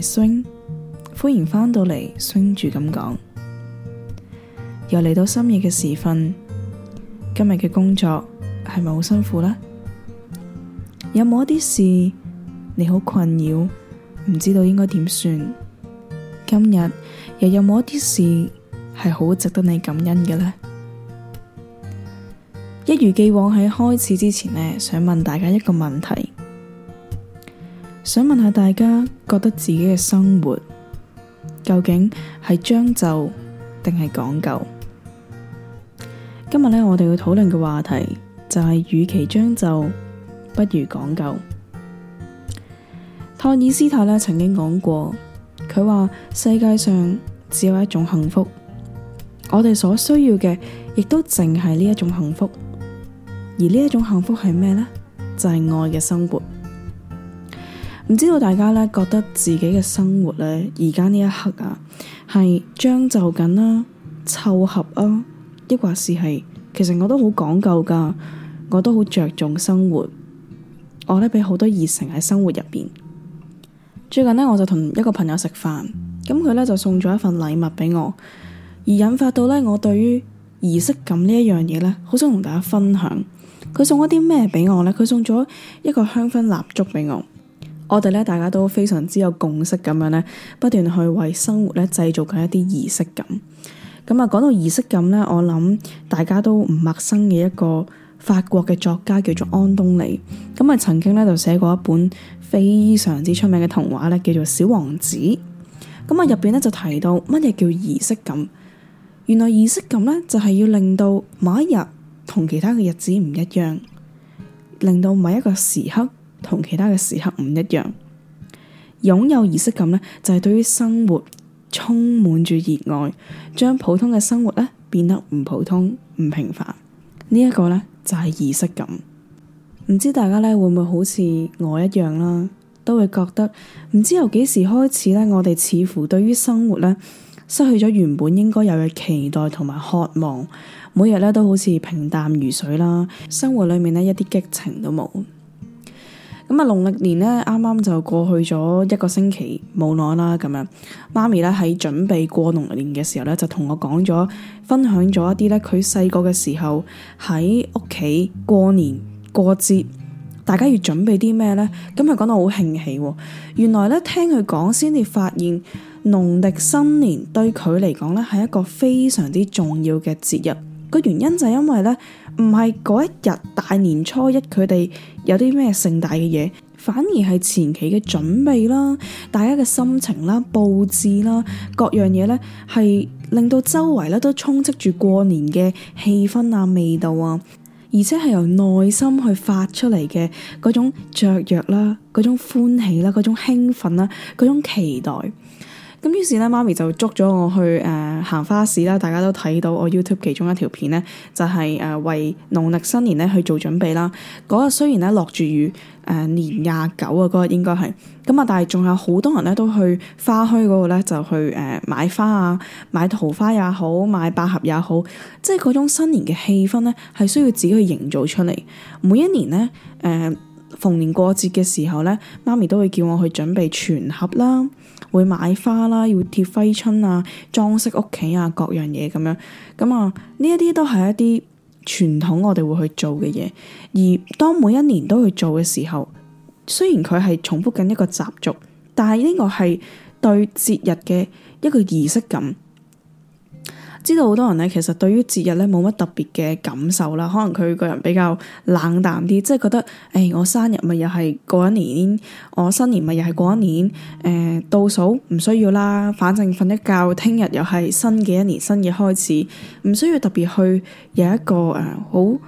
醒，歡迎翻到嚟，醒住咁講，又嚟到深夜嘅時分，今日嘅工作係咪好辛苦呢？有冇一啲事你好困擾，唔知道應該點算？今日又有冇一啲事係好值得你感恩嘅呢？一如既往喺開始之前呢，想問大家一個問題。想問下大家，覺得自己嘅生活究竟係將就定係講究？今日咧，我哋要討論嘅話題就係，與其將就，不如講究。托爾斯泰咧曾經講過，佢話世界上只有一種幸福，我哋所需要嘅亦都淨係呢一種幸福，而呢一種幸福係咩呢？就係愛嘅生活。唔知道大家呢覺得自己嘅生活呢，而家呢一刻啊，係將就緊啦、啊、湊合啊，抑或是係其實我都好講究噶，我都好着重生活，我呢俾好多熱誠喺生活入邊。最近呢，我就同一個朋友食飯，咁佢呢就送咗一份禮物俾我，而引發到呢，我對於儀式感呢一樣嘢呢，好想同大家分享。佢送咗啲咩俾我呢？佢送咗一個香薰蠟燭俾我。我哋咧，大家都非常之有共識咁樣咧，不斷去為生活咧製造緊一啲儀式感。咁啊，講到儀式感咧，我諗大家都唔陌生嘅一個法國嘅作家叫做安東尼。咁啊，曾經咧就寫過一本非常之出名嘅童話咧，叫做《小王子》。咁啊，入邊咧就提到乜嘢叫儀式感？原來儀式感咧就係要令到某一日同其他嘅日子唔一樣，令到某一個時刻，同其他嘅時刻唔一樣，擁有儀式感呢，就係對於生活充滿住熱愛，將普通嘅生活呢變得唔普通唔平凡。呢一個呢，就係儀式感。唔知大家呢會唔會好似我一樣啦，都會覺得唔知由幾時開始呢，我哋似乎對於生活呢失去咗原本應該有嘅期待同埋渴望，每日呢都好似平淡如水啦，生活裏面呢一啲激情都冇。咁啊，農曆年咧啱啱就過去咗一個星期，冇耐啦咁樣。媽咪咧喺準備過農曆年嘅時候咧，就同我講咗，分享咗一啲咧佢細個嘅時候喺屋企過年過節，大家要準備啲咩咧？今日講到好興喜，原來咧聽佢講先至發現農曆新年對佢嚟講咧係一個非常之重要嘅節日，個原因就係因為咧，唔係嗰一日大年初一，佢哋有啲咩盛大嘅嘢，反而係前期嘅準備啦，大家嘅心情啦、佈置啦，各樣嘢咧，係令到周圍咧都充斥住過年嘅氣氛啊、味道啊，而且係由內心去發出嚟嘅嗰種雀躍啦、嗰種歡喜啦、嗰種興奮啦、嗰種期待。咁於是咧，媽咪就捉咗我去誒、呃、行花市啦。大家都睇到我 YouTube 其中一條片咧，就係、是、誒、呃、為農曆新年咧去做準備啦。嗰日雖然咧落住雨，誒、呃、年廿九啊，嗰日應該係咁啊，但係仲有好多人咧都去花墟嗰度咧就去誒、呃、買花啊，買桃花也好，買百合也好，即係嗰種新年嘅氣氛咧係需要自己去營造出嚟。每一年咧誒、呃、逢年過節嘅時候咧，媽咪都會叫我去準備全盒啦。會買花啦，要貼揮春啊，裝飾屋企啊，各樣嘢咁樣，咁啊呢一啲都係一啲傳統，我哋會去做嘅嘢。而當每一年都去做嘅時候，雖然佢係重複緊一個習俗，但係呢個係對節日嘅一個儀式感。知道好多人咧，其實對於節日咧冇乜特別嘅感受啦，可能佢個人比較冷淡啲，即係覺得，誒、哎，我生日咪又係過一年，我新年咪又係過一年，誒、呃，倒數唔需要啦，反正瞓一覺，聽日又係新嘅一年，新嘅開始，唔需要特別去有一個誒好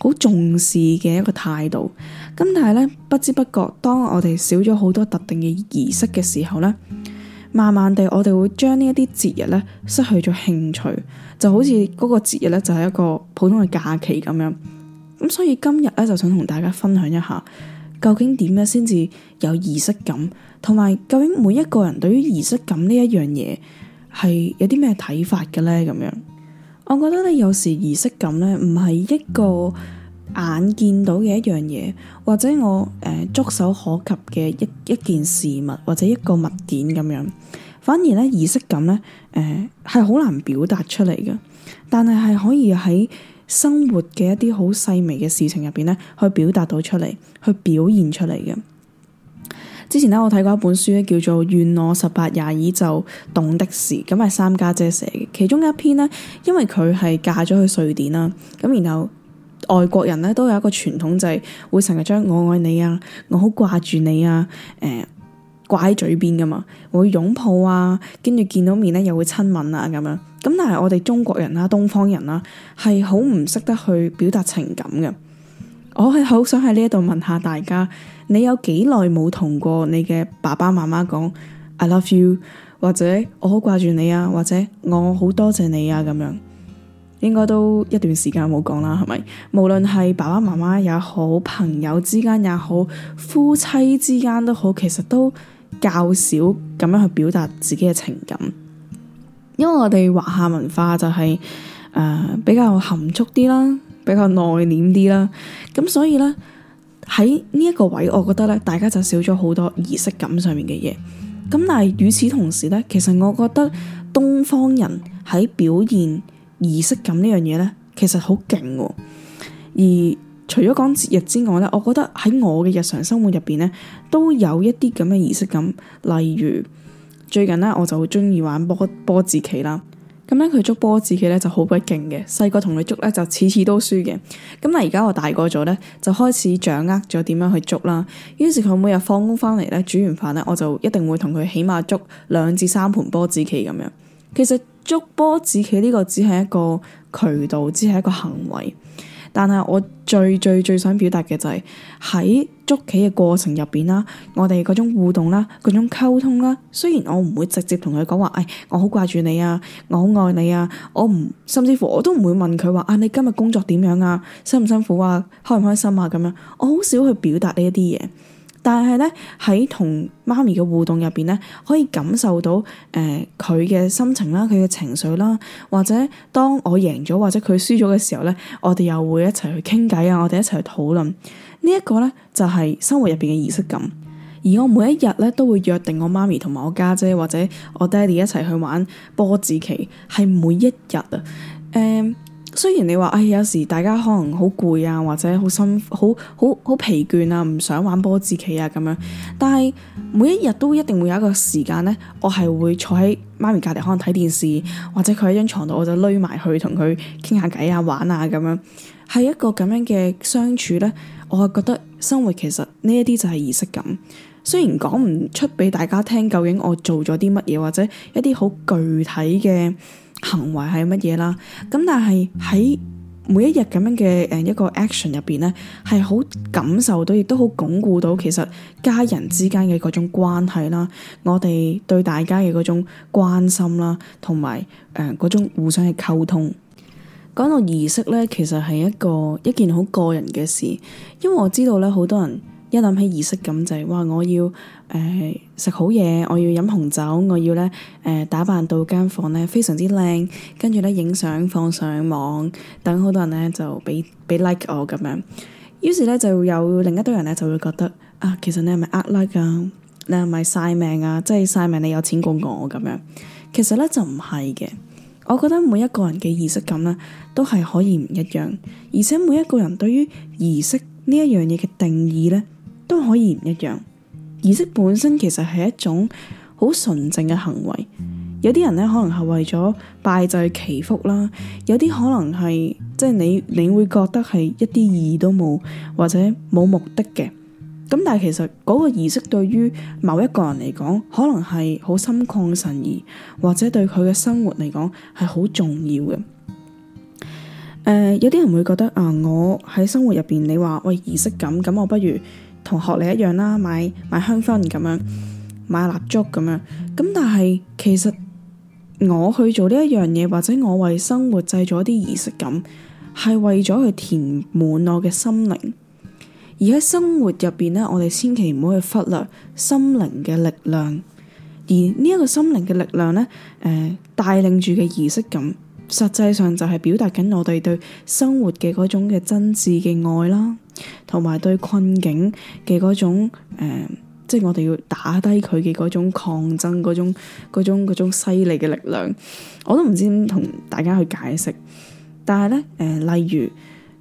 好重視嘅一個態度。咁、嗯、但係咧，不知不覺，當我哋少咗好多特定嘅儀式嘅時候咧。慢慢地我，我哋會將呢一啲節日咧失去咗興趣，就好似嗰個節日咧就係、是、一個普通嘅假期咁樣。咁所以今日咧就想同大家分享一下，究竟點樣先至有儀式感，同埋究竟每一個人對於儀式感一呢一樣嘢係有啲咩睇法嘅咧咁樣。我覺得咧有時儀式感咧唔係一個。眼見到嘅一樣嘢，或者我誒觸、呃、手可及嘅一一件事物或者一個物件咁樣，反而咧儀式感咧誒係好難表達出嚟嘅，但係係可以喺生活嘅一啲好細微嘅事情入邊咧去表達到出嚟，去表現出嚟嘅。之前咧我睇過一本書咧叫做《願我十八廿二,二就懂的事》，咁係三家姐寫嘅，其中一篇咧，因為佢係嫁咗去瑞典啦，咁然後。外國人咧都有一個傳統，就係會成日將我愛你啊，我好掛住你啊，誒掛喺嘴邊噶嘛，會擁抱啊，跟住見到面咧又會親吻啊咁樣。咁但係我哋中國人啦，東方人啦，係好唔識得去表達情感嘅。我係好想喺呢一度問下大家，你有幾耐冇同過你嘅爸爸媽媽講 I love you，或者我好掛住你啊，或者我好多謝你啊咁樣。應該都一段時間冇講啦，係咪？無論係爸爸媽媽也好，朋友之間也好，夫妻之間都好，其實都較少咁樣去表達自己嘅情感，因為我哋華夏文化就係誒比較含蓄啲啦，比較內斂啲啦，咁所以呢，喺呢一個位，我覺得咧大家就少咗好多儀式感上面嘅嘢。咁但係與此同時呢，其實我覺得東方人喺表現。儀式感呢樣嘢呢，其實好勁喎。而除咗講節日之外呢，我覺得喺我嘅日常生活入邊呢，都有一啲咁嘅儀式感。例如最近呢，我就鍾意玩波波子棋啦。咁呢佢捉波子棋呢就好鬼勁嘅。細個同佢捉呢就次次都輸嘅。咁但係而家我大個咗呢，就開始掌握咗點樣去捉啦。於是佢每日放工翻嚟呢，煮完飯呢，我就一定會同佢起碼捉兩至三盤波子棋咁樣。其實。捉波子棋呢個只係一個渠道，只係一個行為。但係我最最最想表達嘅就係喺捉棋嘅過程入邊啦，我哋嗰種互動啦，嗰種溝通啦。雖然我唔會直接同佢講話，唉，我好掛住你啊，我好愛你啊，我唔，甚至乎我都唔會問佢話啊，你今日工作點樣啊，辛唔辛苦啊，開唔開心啊？咁樣我好少去表達呢一啲嘢。但係咧，喺同媽咪嘅互動入邊咧，可以感受到誒佢嘅心情啦，佢嘅情緒啦，或者當我贏咗或者佢輸咗嘅時候咧，我哋又會一齊去傾偈啊，我哋一齊去討論、這個、呢一個咧就係、是、生活入邊嘅儀式感。而我每一日咧都會約定我媽咪同埋我家姐，姐或者我爹哋一齊去玩波子棋，係每一日啊誒。嗯雖然你話，哎，有時大家可能好攰啊，或者好辛好好疲倦啊，唔想玩波子棋啊咁樣。但係每一日都一定會有一個時間呢。我係會坐喺媽咪隔籬，可能睇電視，或者佢喺張床度，我就匿埋去同佢傾下偈啊、玩,玩啊咁樣。係一個咁樣嘅相處呢，我係覺得生活其實呢一啲就係儀式感。雖然講唔出俾大家聽，究竟我做咗啲乜嘢，或者一啲好具體嘅。行為係乜嘢啦？咁但係喺每一日咁樣嘅誒一個 action 入邊咧，係好感受到，亦都好鞏固到其實家人之間嘅嗰種關係啦，我哋對大家嘅嗰種關心啦，同埋誒嗰種互相嘅溝通。講到儀式咧，其實係一個一件好個人嘅事，因為我知道咧好多人。一諗起儀式感就係、是、哇！我要誒食、呃、好嘢，我要飲紅酒，我要咧誒、呃、打扮到間房咧非常之靚，跟住咧影相放上網，等好多人咧就畀俾 like 我咁樣。於是咧就有另一堆人咧就會覺得啊，其實你係咪呃 like 啊？你係咪晒命啊？即係晒命你有錢過我咁樣。其實咧就唔係嘅。我覺得每一個人嘅儀式感啦，都係可以唔一樣，而且每一個人對於儀式呢一樣嘢嘅定義咧。都可以唔一樣，儀式本身其實係一種好純正嘅行為。有啲人咧可能係為咗拜祭祈福啦，有啲可能係即係你你會覺得係一啲意義都冇或者冇目的嘅。咁但係其實嗰個儀式對於某一個人嚟講，可能係好心曠神怡，或者對佢嘅生活嚟講係好重要嘅。誒、呃，有啲人會覺得啊、呃，我喺生活入邊，你話喂儀式咁，咁我不如。同學你一樣啦，買買香薰咁樣，買蠟燭咁樣，咁但係其實我去做呢一樣嘢，或者我為生活製造一啲儀式感，係為咗去填滿我嘅心靈。而喺生活入邊咧，我哋千祈唔好去忽略心靈嘅力量，而呢一個心靈嘅力量咧，誒、呃、帶領住嘅儀式感。實際上就係表達緊我哋對生活嘅嗰種嘅真摯嘅愛啦，同埋對困境嘅嗰種誒，即係我哋要打低佢嘅嗰種抗爭，嗰種嗰種犀利嘅力量，我都唔知點同大家去解釋。但係咧誒，例如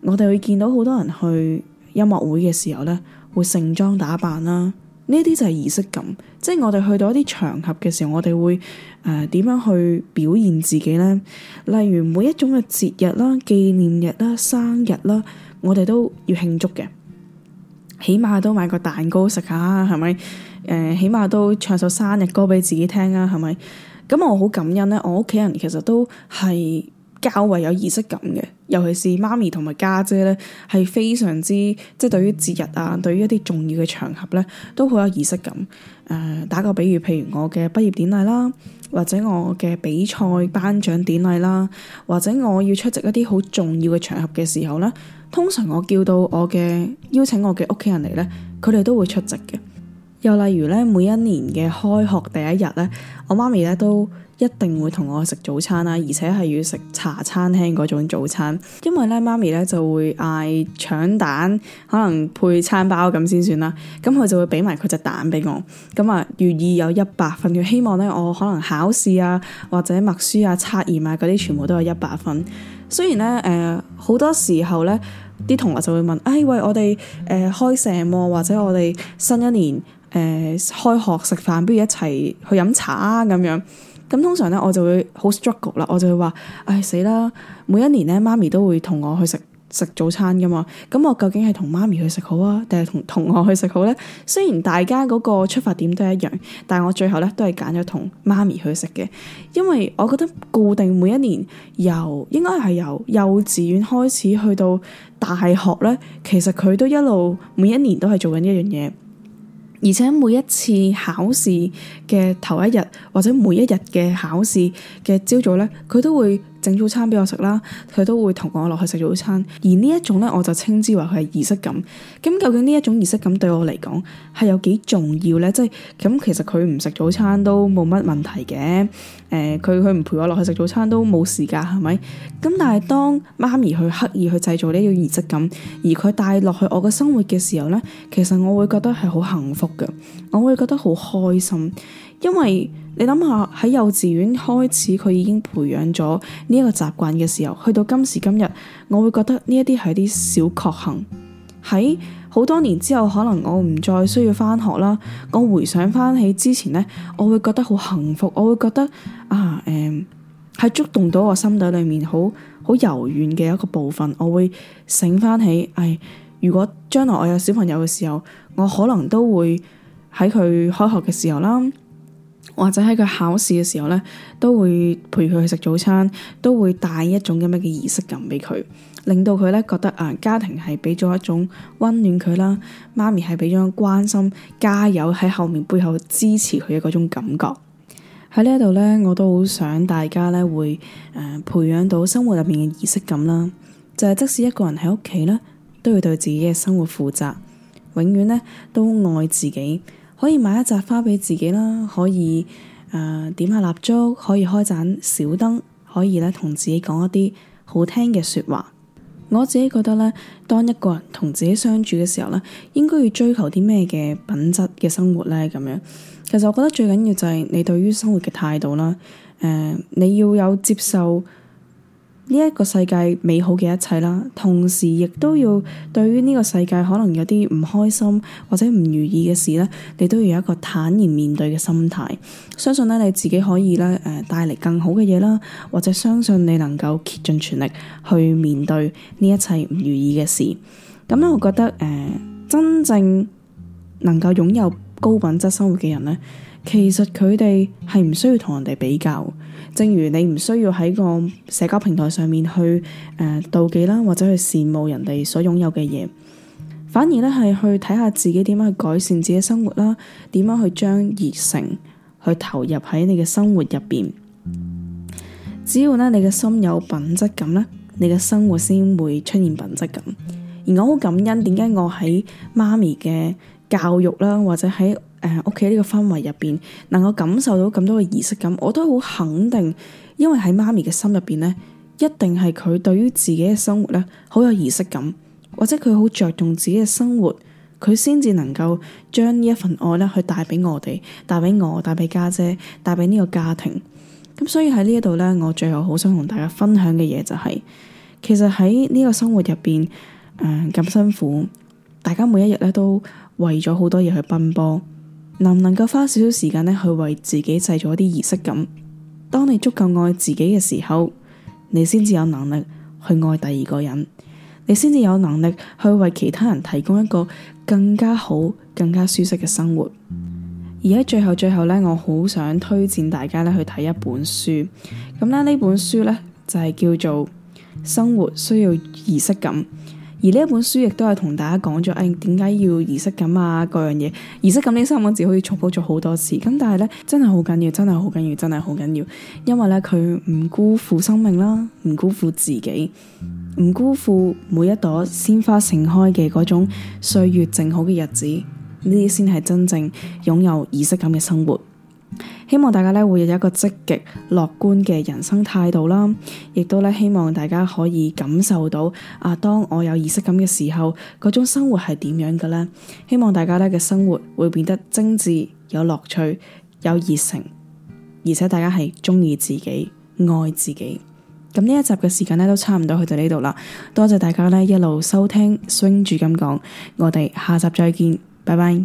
我哋會見到好多人去音樂會嘅時候咧，會盛裝打扮啦，呢啲就係儀式感。即係我哋去到一啲場合嘅時候，我哋會誒、呃，點樣去表現自己咧？例如每一種嘅節日啦、紀念日啦、生日啦，我哋都要慶祝嘅，起碼都買個蛋糕食下，係咪？誒、呃，起碼都唱首生日歌俾自己聽呀，係咪？咁我好感恩咧，我屋企人其實都係。較為有儀式感嘅，尤其是媽咪同埋家姐咧，係非常之即係對於節日啊，對於一啲重要嘅場合咧，都好有儀式感。誒、呃，打個比喻，譬如我嘅畢業典禮啦，或者我嘅比賽頒獎典禮啦，或者我要出席一啲好重要嘅場合嘅時候咧，通常我叫到我嘅邀請我嘅屋企人嚟咧，佢哋都會出席嘅。又例如咧，每一年嘅開學第一日咧，我媽咪咧都一定會同我食早餐啦，而且係要食茶餐廳嗰種早餐，因為咧媽咪咧就會嗌腸蛋，可能配餐包咁先算啦。咁佢就會俾埋佢隻蛋俾我。咁、嗯、啊，寓意有一百分嘅希望咧，我可能考試啊，或者默書啊、測驗啊嗰啲全部都有一百分。雖然咧，誒、呃、好多時候咧，啲同學就會問：哎喂，我哋誒、呃、開成，或者我哋新一年。誒、呃、開學食飯，不如一齊去飲茶啊！咁樣咁通常咧，我就會好 struggle 啦。我就會話：唉、哎，死啦！每一年咧，媽咪都會同我去食食早餐噶嘛。咁我究竟係同媽咪去食好啊，定係同同學去食好咧？雖然大家嗰個出發點都一樣，但係我最後咧都係揀咗同媽咪去食嘅，因為我覺得固定每一年由應該係由幼稚園開始去到大學咧，其實佢都一路每一年都係做緊呢樣嘢。而且每一次考試嘅頭一日，或者每一日嘅考試嘅朝早咧，佢都會早餐俾我食啦，佢都會同我落去食早餐。而呢一種咧，我就稱之為佢係儀式感。咁究竟呢一種儀式感對我嚟講係有幾重要咧？即係咁，其實佢唔食早餐都冇乜問題嘅。誒、呃，佢佢唔陪我落去食早餐都冇事㗎係咪？咁但係當媽咪去刻意去製造呢個儀式感，而佢帶落去我嘅生活嘅時候咧，其實我會覺得係好幸福嘅，我會覺得好開心，因為。你諗下喺幼稚園開始，佢已經培養咗呢一個習慣嘅時候，去到今時今日，我會覺得呢一啲係啲小確幸。喺好多年之後，可能我唔再需要翻學啦。我回想翻起之前呢，我會覺得好幸福，我會覺得啊，誒、嗯，係觸動到我心底裏面好好柔軟嘅一個部分，我會醒翻起，唉、哎，如果將來我有小朋友嘅時候，我可能都會喺佢開學嘅時候啦。或者喺佢考試嘅時候咧，都會陪佢去食早餐，都會帶一種咁樣嘅儀式感俾佢，令到佢咧覺得啊、呃，家庭係俾咗一種溫暖佢啦，媽咪係俾咗一種關心，加油喺後面背後支持佢嘅嗰種感覺。喺呢一度咧，我都好想大家咧會誒、呃、培養到生活入面嘅儀式感啦，就係、是、即使一個人喺屋企咧，都要對自己嘅生活負責，永遠咧都愛自己。可以買一扎花畀自己啦，可以誒、呃、點下蠟燭，可以開盞小燈，可以咧同自己講一啲好聽嘅說話。我自己覺得咧，當一個人同自己相處嘅時候咧，應該要追求啲咩嘅品質嘅生活咧咁樣。其實我覺得最緊要就係你對於生活嘅態度啦，誒、呃、你要有接受。呢一個世界美好嘅一切啦，同時亦都要對於呢個世界可能有啲唔開心或者唔如意嘅事咧，你都要有一個坦然面對嘅心態。相信咧你自己可以咧誒帶嚟更好嘅嘢啦，或者相信你能夠竭盡全力去面對呢一切唔如意嘅事。咁咧，我覺得誒、呃、真正能夠擁有高品質生活嘅人咧，其實佢哋係唔需要同人哋比較。正如你唔需要喺個社交平台上面去誒、呃、妒忌啦，或者去羨慕人哋所擁有嘅嘢，反而咧係去睇下自己點樣去改善自己生活啦，點樣去將熱誠去投入喺你嘅生活入邊。只要咧你嘅心有品質感咧，你嘅生活先會出現品質感。而我好感恩，點解我喺媽咪嘅教育啦，或者喺。誒，屋企呢個氛圍入邊，能夠感受到咁多嘅儀式感，我都好肯定，因為喺媽咪嘅心入邊咧，一定係佢對於自己嘅生活咧好有儀式感，或者佢好着重自己嘅生活，佢先至能夠將呢一份愛咧去帶俾我哋，帶俾我，帶俾家姐，帶俾呢個家庭。咁所以喺呢一度咧，我最後好想同大家分享嘅嘢就係、是，其實喺呢個生活入邊，咁、呃、辛苦，大家每一日咧都為咗好多嘢去奔波。能唔能夠花少少時間咧去為自己製造一啲儀式感？當你足夠愛自己嘅時候，你先至有能力去愛第二個人，你先至有能力去為其他人提供一個更加好、更加舒適嘅生活。而喺最後、最後咧，我好想推薦大家咧去睇一本書，咁咧呢本書咧就係叫做《生活需要儀式感》。而呢一本書亦都係同大家講咗，誒點解要儀式感啊？各樣嘢儀式感呢三個字可以重複咗好多次，咁但係咧真係好緊要，真係好緊要，真係好緊要，因為咧佢唔辜負生命啦，唔辜負自己，唔辜負每一朵鮮花盛開嘅嗰種歲月靜好嘅日子，呢啲先係真正擁有儀式感嘅生活。希望大家咧，會有一個積極樂觀嘅人生態度啦，亦都咧希望大家可以感受到啊，當我有儀式感嘅時候，嗰種生活係點樣嘅呢？希望大家咧嘅生活會變得精致、有樂趣、有熱誠，而且大家係中意自己、愛自己。咁呢一集嘅時間咧都差唔多去到呢度啦，多謝大家咧一路收聽 Swing 住咁講，我哋下集再見，拜拜。